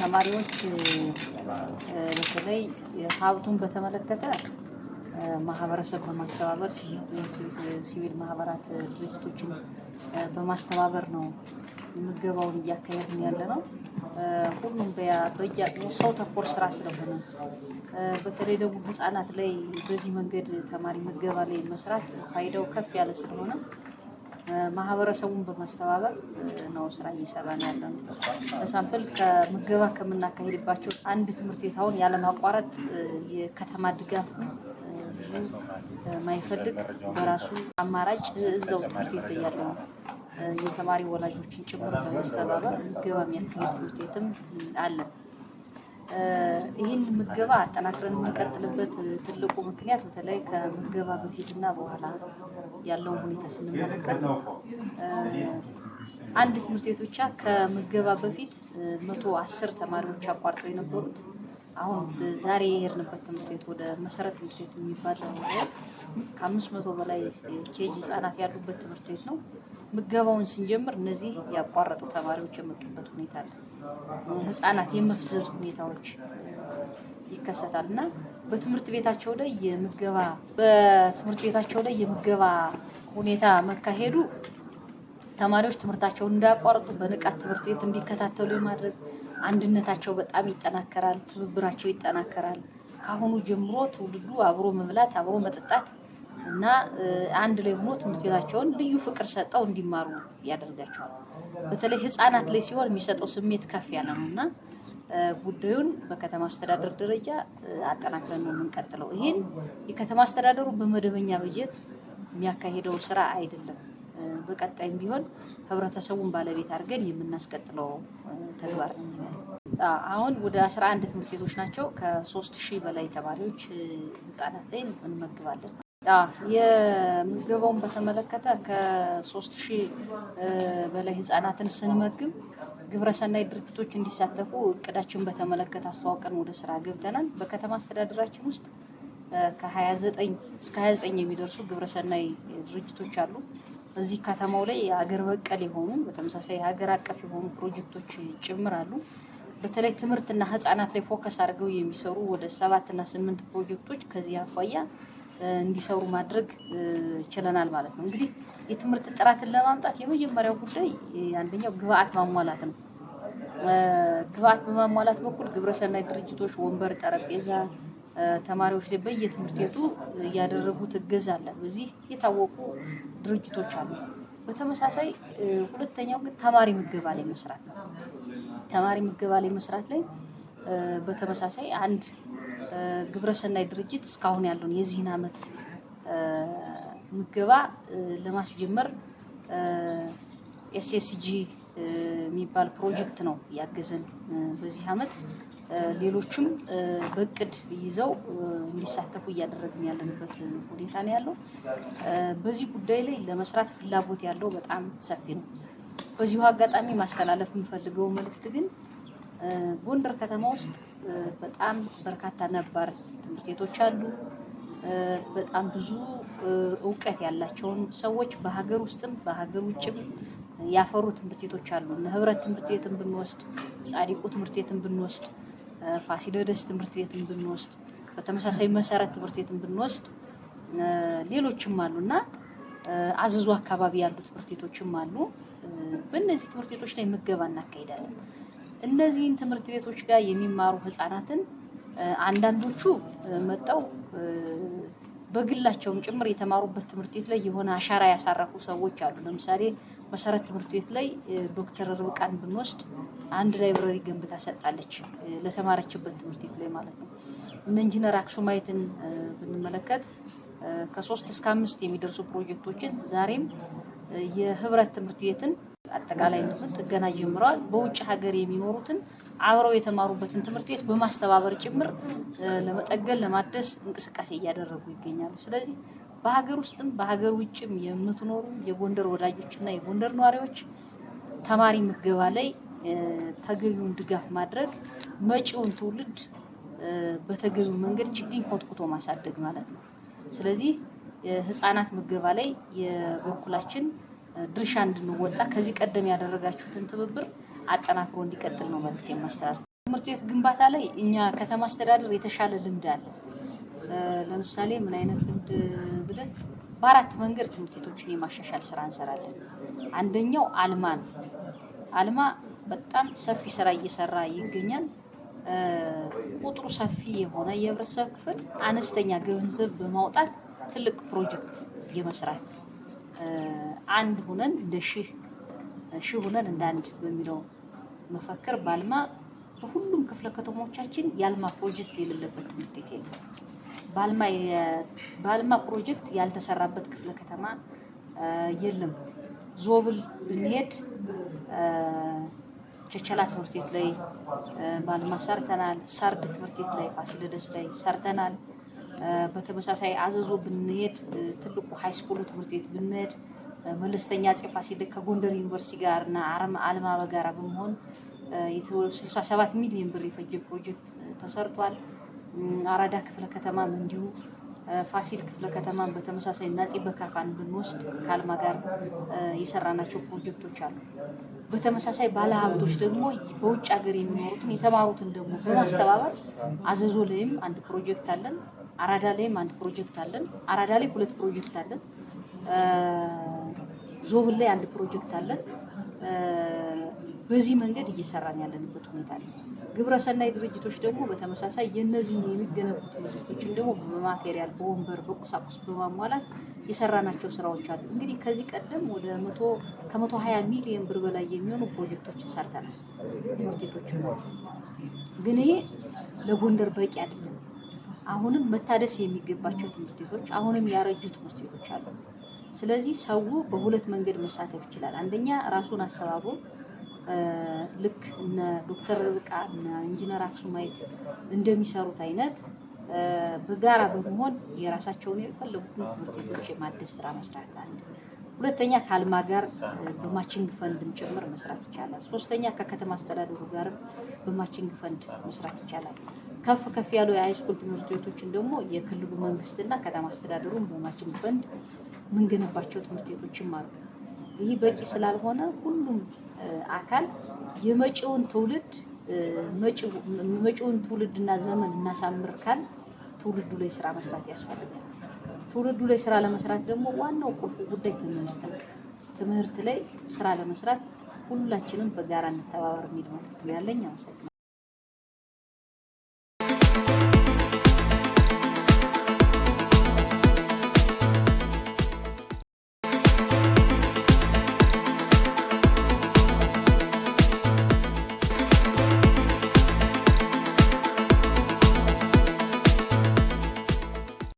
ተማሪዎች በተለይ ሀብቱን በተመለከተ ማህበረሰብ በማስተባበር ሲቪል ማህበራት ድርጅቶችን በማስተባበር ነው ምገባውን እያካሄድን ያለ ነው። ሁሉም በየአቅሙ ሰው ተኮር ስራ ስለሆነ በተለይ ደግሞ ህጻናት ላይ በዚህ መንገድ ተማሪ ምገባ ላይ መስራት ፋይዳው ከፍ ያለ ስለሆነ ማህበረሰቡን በማስተባበር ነው ስራ እየሰራ ነው ያለ ነው። በሳምፕል ከምገባ ከምናካሄድባቸው አንድ ትምህርት ቤት አሁን ያለማቋረጥ የከተማ ድጋፍ ብዙ ማይፈልግ በራሱ አማራጭ እዛው ትምህርት ቤት ላይ ነው የተማሪ ወላጆችን ጭምር በማስተባበር ምገባ የሚያካሄድ ትምህርት ቤትም አለን። ይህን ምገባ አጠናክረን የምንቀጥልበት ትልቁ ምክንያት በተለይ ከምገባ በፊትና በኋላ ያለውን ሁኔታ ስንመለከት አንድ ትምህርት ቤት ብቻ ከምገባ በፊት መቶ አስር ተማሪዎች አቋርጠው የነበሩት አሁን ዛሬ የሄድንበት ትምህርት ቤት ወደ መሰረት ትምህርት ቤት የሚባለው ከአምስት መቶ በላይ ኬጅ ህጻናት ያሉበት ትምህርት ቤት ነው። ምገባውን ስንጀምር እነዚህ ያቋረጡ ተማሪዎች የመጡበት ሁኔታ አለ። ህጻናት የመፍዘዝ ሁኔታዎች ይከሰታል እና በትምህርት ቤታቸው ላይ የምገባ በትምህርት ቤታቸው ላይ የምገባ ሁኔታ መካሄዱ ተማሪዎች ትምህርታቸውን እንዳያቋርጡ በንቃት ትምህርት ቤት እንዲከታተሉ የማድረግ አንድነታቸው በጣም ይጠናከራል፣ ትብብራቸው ይጠናከራል። ከአሁኑ ጀምሮ ትውልዱ አብሮ መብላት፣ አብሮ መጠጣት እና አንድ ላይ ሆኖ ትምህርት ቤታቸውን ልዩ ፍቅር ሰጠው እንዲማሩ ያደርጋቸዋል። በተለይ ህፃናት ላይ ሲሆን የሚሰጠው ስሜት ከፍ ያለ ነው እና ጉዳዩን በከተማ አስተዳደር ደረጃ አጠናክረን ነው የምንቀጥለው። ይህን የከተማ አስተዳደሩ በመደበኛ በጀት የሚያካሂደው ስራ አይደለም። በቀጣይም ቢሆን ህብረተሰቡን ባለቤት አድርገን የምናስቀጥለው ተግባር ነው አሁን ወደ አንድ ትምህርት ቤቶች ናቸው ከሶስት ሺህ በላይ ተማሪዎች ህጻናት ላይ እንመግባለን። የምገባውን በተመለከተ ከሶስት ሺህ በላይ ህፃናትን ስንመግብ ግብረሰናይ ድርጅቶች እንዲሳተፉ እቅዳችን በተመለከተ አስተዋውቀን ወደ ስራ ገብተናል። በከተማ አስተዳደራችን ውስጥ ከሃያ እስከ ሃያ ዘጠኝ የሚደርሱ ግብረሰናይ ድርጅቶች አሉ። እዚህ ከተማው ላይ የሀገር በቀል የሆኑ በተመሳሳይ የሀገር አቀፍ የሆኑ ፕሮጀክቶች ጭምር አሉ። በተለይ ትምህርትና ህፃናት ላይ ፎከስ አድርገው የሚሰሩ ወደ ሰባት ስምንት ፕሮጀክቶች ከዚህ አኳያ እንዲሰሩ ማድረግ ችለናል ማለት ነው። እንግዲህ የትምህርት ጥራትን ለማምጣት የመጀመሪያው ጉዳይ አንደኛው ግብአት ማሟላት ነው። ግብአት በማሟላት በኩል ግብረሰናይ ድርጅቶች ወንበር፣ ጠረጴዛ ተማሪዎች ላይ በየትምህርት ቤቱ እያደረጉት እገዛ አለ። በዚህ የታወቁ ድርጅቶች አሉ። በተመሳሳይ ሁለተኛው ግን ተማሪ ምገባ ላይ መስራት ነው። ተማሪ ምገባ ላይ መስራት ላይ በተመሳሳይ አንድ ግብረሰናይ ድርጅት እስካሁን ያለውን የዚህን ዓመት ምገባ ለማስጀመር ኤስኤስጂ የሚባል ፕሮጀክት ነው ያገዘን በዚህ ዓመት። ሌሎችም በእቅድ ይዘው እንዲሳተፉ እያደረግን ያለንበት ሁኔታ ነው ያለው። በዚህ ጉዳይ ላይ ለመስራት ፍላጎት ያለው በጣም ሰፊ ነው። በዚሁ አጋጣሚ ማስተላለፍ የምፈልገው መልእክት ግን ጎንደር ከተማ ውስጥ በጣም በርካታ ነባር ትምህርት ቤቶች አሉ። በጣም ብዙ እውቀት ያላቸውን ሰዎች በሀገር ውስጥም በሀገር ውጭም ያፈሩ ትምህርት ቤቶች አሉ። ህብረት ትምህርት ቤትን ብንወስድ፣ ጻዲቁ ትምህርት ቤትን ብንወስድ፣ ፋሲለደስ ትምህርት ቤትን ብንወስድ፣ በተመሳሳይ መሰረት ትምህርት ቤትን ብንወስድ፣ ሌሎችም አሉና እና አዘዙ አካባቢ ያሉ ትምህርት ቤቶችም አሉ። በእነዚህ ትምህርት ቤቶች ላይ ምገባ እናካሄዳለን። እነዚህን ትምህርት ቤቶች ጋር የሚማሩ ህጻናትን አንዳንዶቹ መጠው በግላቸውም ጭምር የተማሩበት ትምህርት ቤት ላይ የሆነ አሻራ ያሳረፉ ሰዎች አሉ። ለምሳሌ መሰረት ትምህርት ቤት ላይ ዶክተር ርብቃን ብንወስድ አንድ ላይብረሪ ገንብታ ሰጣለች፣ ለተማረችበት ትምህርት ቤት ላይ ማለት ነው። እነ ኢንጂነር አክሱማይትን ብንመለከት ከሶስት እስከ አምስት የሚደርሱ ፕሮጀክቶችን ዛሬም የህብረት ትምህርት ቤትን አጠቃላይ ትምህርት ጥገና ጀምረዋል። በውጭ ሀገር የሚኖሩትን አብረው የተማሩበትን ትምህርት ቤት በማስተባበር ጭምር ለመጠገን ለማደስ እንቅስቃሴ እያደረጉ ይገኛሉ። ስለዚህ በሀገር ውስጥም በሀገር ውጭም የምትኖሩ የጎንደር ወዳጆችና የጎንደር ነዋሪዎች ተማሪ ምገባ ላይ ተገቢውን ድጋፍ ማድረግ መጪውን ትውልድ በተገቢው መንገድ ችግኝ ኮትኩቶ ማሳደግ ማለት ነው። ስለዚህ ሕፃናት ምገባ ላይ የበኩላችን ድርሻ እንድንወጣ ከዚህ ቀደም ያደረጋችሁትን ትብብር አጠናክሮ እንዲቀጥል ነው መልዕክት የማስተላለፍ። ትምህርት ቤት ግንባታ ላይ እኛ ከተማ አስተዳደር የተሻለ ልምድ አለ። ለምሳሌ ምን አይነት ልምድ ብለን በአራት መንገድ ትምህርት ቤቶችን የማሻሻል ስራ እንሰራለን። አንደኛው አልማ ነው። አልማ በጣም ሰፊ ስራ እየሰራ ይገኛል። ቁጥሩ ሰፊ የሆነ የህብረተሰብ ክፍል አነስተኛ ገንዘብ በማውጣት ትልቅ ፕሮጀክት የመስራት አንድ ሁነን እንደ ሺህ ሺህ ሁነን እንደ አንድ በሚለው መፈክር ባልማ በሁሉም ክፍለ ከተሞቻችን የአልማ ፕሮጀክት የሌለበት ትምህርት ቤት የለም። ባልማ ፕሮጀክት ያልተሰራበት ክፍለ ከተማ የለም። ዞብል ብንሄድ ቸቸላ ትምህርት ቤት ላይ ባልማ ሰርተናል። ሰርድ ትምህርት ቤት ላይ ፋሲለደስ ላይ ሰርተናል። በተመሳሳይ አዘዞ ብንሄድ ትልቁ ሃይስኩሉ ትምህርት ቤት ብንሄድ መለስተኛ አፄ ፋሲል ከጎንደር ዩኒቨርሲቲ ጋር እና አልማ በጋራ በመሆን 67 ሚሊዮን ብር የፈጀ ፕሮጀክት ተሰርቷል። አራዳ ክፍለ ከተማም እንዲሁ ፋሲል ክፍለ ከተማን በተመሳሳይ እና በካፋን ብንወስድ ከአልማ ጋር የሰራናቸው ፕሮጀክቶች አሉ። በተመሳሳይ ባለሀብቶች ደግሞ በውጭ ሀገር የሚኖሩትን የተማሩትን ደግሞ በማስተባበር አዘዞ ላይም አንድ ፕሮጀክት አለን። አራዳ ላይም አንድ ፕሮጀክት አለን። አራዳ ላይ ሁለት ፕሮጀክት አለን። ዞብን ላይ አንድ ፕሮጀክት አለን። በዚህ መንገድ እየሰራን ያለንበት ሁኔታ አለ። ግብረሰናይ ድርጅቶች ደግሞ በተመሳሳይ የእነዚህን የሚገነቡት ድርጅቶችን ደግሞ በማቴሪያል፣ በወንበር፣ በቁሳቁስ በማሟላት የሰራናቸው ስራዎች አሉ። እንግዲህ ከዚህ ቀደም ወደ ከመቶ ሀያ ሚሊዮን ብር በላይ የሚሆኑ ፕሮጀክቶችን ሰርተናል። ትምህርት ግን ይሄ ለጎንደር በቂ አይደለም። አሁንም መታደስ የሚገባቸው ትምህርት ቤቶች፣ አሁንም ያረጁ ትምህርት ቤቶች አሉ። ስለዚህ ሰው በሁለት መንገድ መሳተፍ ይችላል። አንደኛ ራሱን አስተባብሮ ልክ እነ ዶክተር ርብቃ እና ኢንጂነር ማየት እንደሚሰሩት አይነት በጋራ በመሆን የራሳቸውን የፈለጉትን ትምህርት ቤቶች የማደስ ስራ መስራት አለ። ሁለተኛ ከአልማ ጋር በማቺንግ ፈንድም ጭምር መስራት ይቻላል። ሶስተኛ ከከተማ አስተዳደሩ ጋር በማቺንግ ፈንድ መስራት ይቻላል። ከፍ ከፍ ያሉ የሃይስኩል ትምህርት ቤቶችን ደግሞ የክልሉ መንግስትና ከተማ አስተዳደሩን በማቺንግ ፈንድ የምንገነባቸው ትምህርት ቤቶችም አሉ። ይህ በቂ ስላልሆነ ሁሉም አካል የመጪውን ትውልድ መጪውን ትውልድና ዘመን እናሳምር ካል ትውልዱ ላይ ስራ መስራት ያስፈልጋል። ትውልዱ ላይ ስራ ለመስራት ደግሞ ዋናው ቁልፉ ጉዳይ ትምህርት ነው። ትምህርት ላይ ስራ ለመስራት ሁላችንም በጋራ እንተባበር የሚል መልዕክት ያለኝ። አመሰግናለሁ።